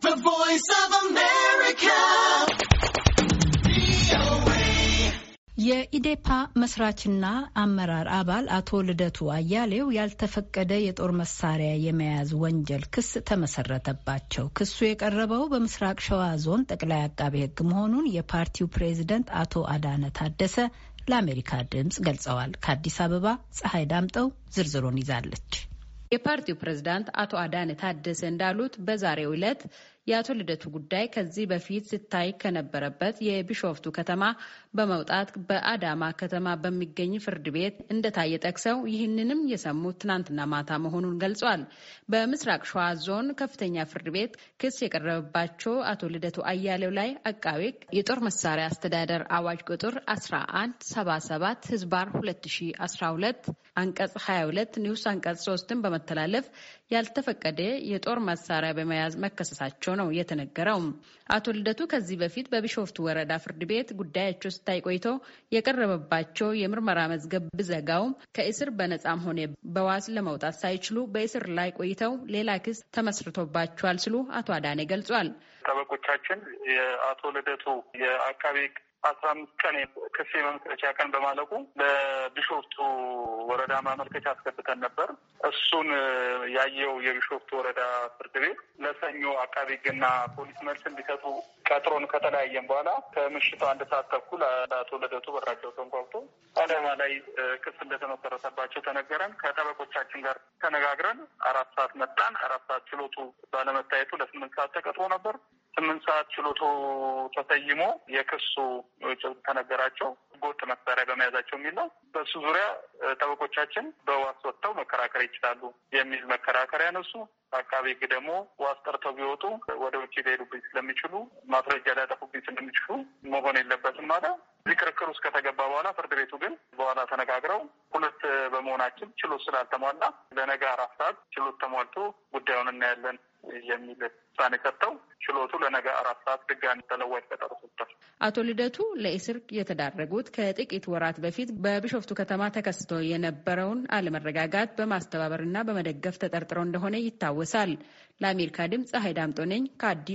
The Voice of America. የኢዴፓ መስራችና አመራር አባል አቶ ልደቱ አያሌው ያልተፈቀደ የጦር መሳሪያ የመያዝ ወንጀል ክስ ተመሰረተባቸው። ክሱ የቀረበው በምስራቅ ሸዋ ዞን ጠቅላይ አቃቤ ሕግ መሆኑን የፓርቲው ፕሬዝደንት አቶ አዳነ ታደሰ ለአሜሪካ ድምፅ ገልጸዋል። ከአዲስ አበባ ፀሐይ ዳምጠው ዝርዝሩን ይዛለች። የፓርቲው ፕሬዝዳንት አቶ አዳነ ታደሰ እንዳሉት በዛሬው ዕለት የአቶ ልደቱ ጉዳይ ከዚህ በፊት ሲታይ ከነበረበት የቢሾፍቱ ከተማ በመውጣት በአዳማ ከተማ በሚገኝ ፍርድ ቤት እንደታየ ጠቅሰው ይህንንም የሰሙት ትናንትና ማታ መሆኑን ገልጿል። በምስራቅ ሸዋ ዞን ከፍተኛ ፍርድ ቤት ክስ የቀረበባቸው አቶ ልደቱ አያሌው ላይ አቃቤ የጦር መሳሪያ አስተዳደር አዋጅ ቁጥር 1177 ህዝባር 2012 አንቀጽ 22 ንዑስ አንቀጽ 3ን በመተላለፍ ያልተፈቀደ የጦር መሳሪያ በመያዝ መከሰሳቸው ነው የተነገረው። አቶ ልደቱ ከዚህ በፊት በቢሾፍቱ ወረዳ ፍርድ ቤት ጉዳያቸው ስታይ ቆይቶ የቀረበባቸው የምርመራ መዝገብ ብዘጋውም ከእስር በነጻም ሆነ በዋስ ለመውጣት ሳይችሉ በእስር ላይ ቆይተው ሌላ ክስ ተመስርቶባቸዋል ሲሉ አቶ አዳኔ ገልጿል። ጠበቆቻችን የአቶ ልደቱ የአቃቤ አስራ አምስት ቀን ክስ የመመስረቻ ቀን በማለቁ በቢሾፍቱ ወረዳ ማመልከቻ አስገብተን ነበር። እሱን ያየው የቢሾፍቱ ወረዳ ፍርድ ቤት ለሰኞ አቃቤ ሕግና ፖሊስ መልስ እንዲሰጡ ቀጥሮን ከተለያየን በኋላ ከምሽቱ አንድ ሰዓት ተኩል አቶ ልደቱ በራቸው ተንኳኩቶ አዳማ ላይ ክስ እንደተመሰረተባቸው ተነገረን። ከጠበቆቻችን ጋር ተነጋግረን አራት ሰዓት መጣን። አራት ሰዓት ችሎቱ ባለመታየቱ ለስምንት ሰዓት ተቀጥሮ ነበር። ስምንት ሰዓት ችሎቱ ተሰይሞ የክሱ ጭብጥ ተነገራቸው ህገወጥ መሳሪያ በመያዛቸው የሚል ነው። በሱ ዙሪያ ጠበቆቻችን በዋስ ወጥተው መከራከር ይችላሉ የሚል መከራከሪያ ያነሱ። አካባቢ ህግ ደግሞ ዋስ ጠርተው ቢወጡ ወደ ውጭ ሊሄዱብኝ ስለሚችሉ ማስረጃ ሊያጠፉብኝ ስለሚችሉ መሆን የለበትም አለ። እዚህ ክርክር ውስጥ ከተገባ በኋላ ፍርድ ቤቱ ግን በኋላ ተነጋግረው ሁለት በመሆናችን ችሎት ስላልተሟላ ለነገ አራት ሰዓት ችሎት ተሟልቶ ጉዳዩን እናያለን የሚል ውሳኔ ሰጥተው ችሎቱ ለነገ አራት ሰዓት ድጋሚ ተለዋጭ ቀጠሮ ሰጥቷል። አቶ ልደቱ ለእስር የተዳረጉት ከጥቂት ወራት በፊት በቢሾፍቱ ከተማ ተከስቶ የነበረውን አለመረጋጋት በማስተባበር በመደገፍ ተጠርጥረው እንደሆነ ይታወሳል። ለአሜሪካ ድምፅ ሀይድ አምጦ ነኝ ከአዲስ